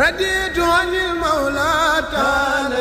raditu anil mawla taala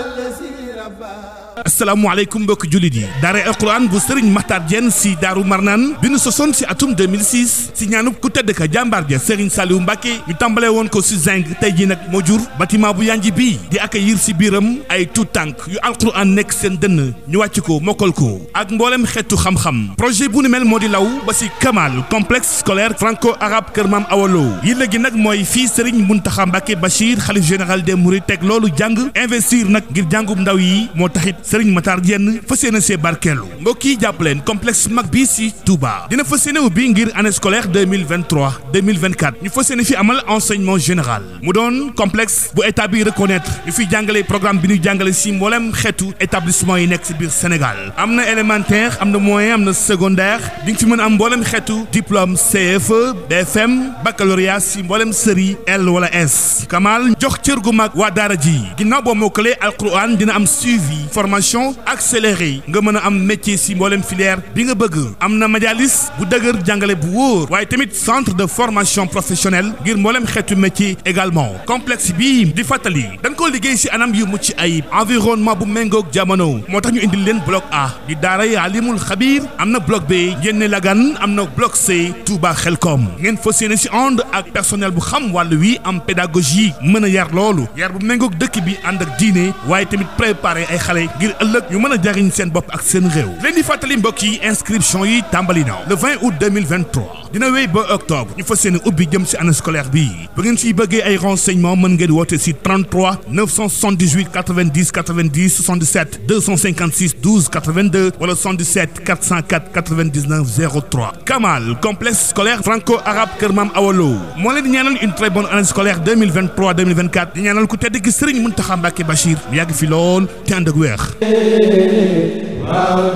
asalaamaaleykum mbokk jullit yi daare alquran bu sëriñ maxtaar jenn si daaru marnaan bi nu sosoon si atum 2006 si ñaanub ku tedd ka jàmbaar ja sëriñ saaliwu mbàkke ñu tàmbalee woon ko si zinc tey ji nag moo jur bâtiment bu yanji bi di accueillir si biiram ay tout tànk yu alquran nekk seen dënn ñu wàcc ko mokkal ko ak mboolem xeetu xam-xam projet bu ni mel moo di law ba si kamal complexe scolaire franco arabe kër maam awalo yi léegi nag mooy fii sëriñ muntaxa mbàkke bachir xalif général des mourides teg loolu jàng investir nag ngir jàngub ndaw yi yi moo taxit Serigne Matar Diène fas yéene see barkeelu mbokk yi jàpp leen complexe mag bi si Touba dina fas yéene ubbi ngir année scolaire 2023 2024 ñu fas yéene fi amal enseignement général mu doon complexe bu état bi ñu fiy jàngale programme bi ñuy jàngale si mboolem xeetu établissement yi nekk si biir Sénégal am na élémentaire am na moyen am na secondaire di fi mën am mboolem xeetu diplôme CFE BFM baccalauréat si mboolem série L wala S Kamal jox cër gu mag suivi formation accélérée nga mën a am métier si mboolem filière bi nga bëgg am na majalis bu dëgër jàngale bu wóor waaye tamit centre de formation professionnelle ngir mboolem xeetu métier également complexe bi di fàttali dañ ko liggéey si anam yu mucc ay environnement bu méngoog jamono moo tax ñu indil leen bloc A di daara ya alimul xabiir am na bloc B Ngénne Lagan am na bloc C Touba Xelkom ngeen fas yéene si ànd ak personnel bu xam walla wi am pédagogie mën a yar loolu yar bu préparé ay xale ngir ëllëg ñu mën a jariñ seen bopp ak seen réew leen di fàttali mbokk yi inscription yi tàmbali na le 20 août dina wéy ba octobre ñu fas yéene ubbi jëm si année scolaire bi bu ngeen siy bëggee ay renseignements mën ngeen woote si 33 978 90 90 77 Kamal complexe scolaire franco-arabe Kër Maam Awa moo leen di ñaanal une très bonne scolaire di ñaanal ku tedd ki Serigne Mountakha Mbacké Bachir mu yàgg fi lool te ànd ak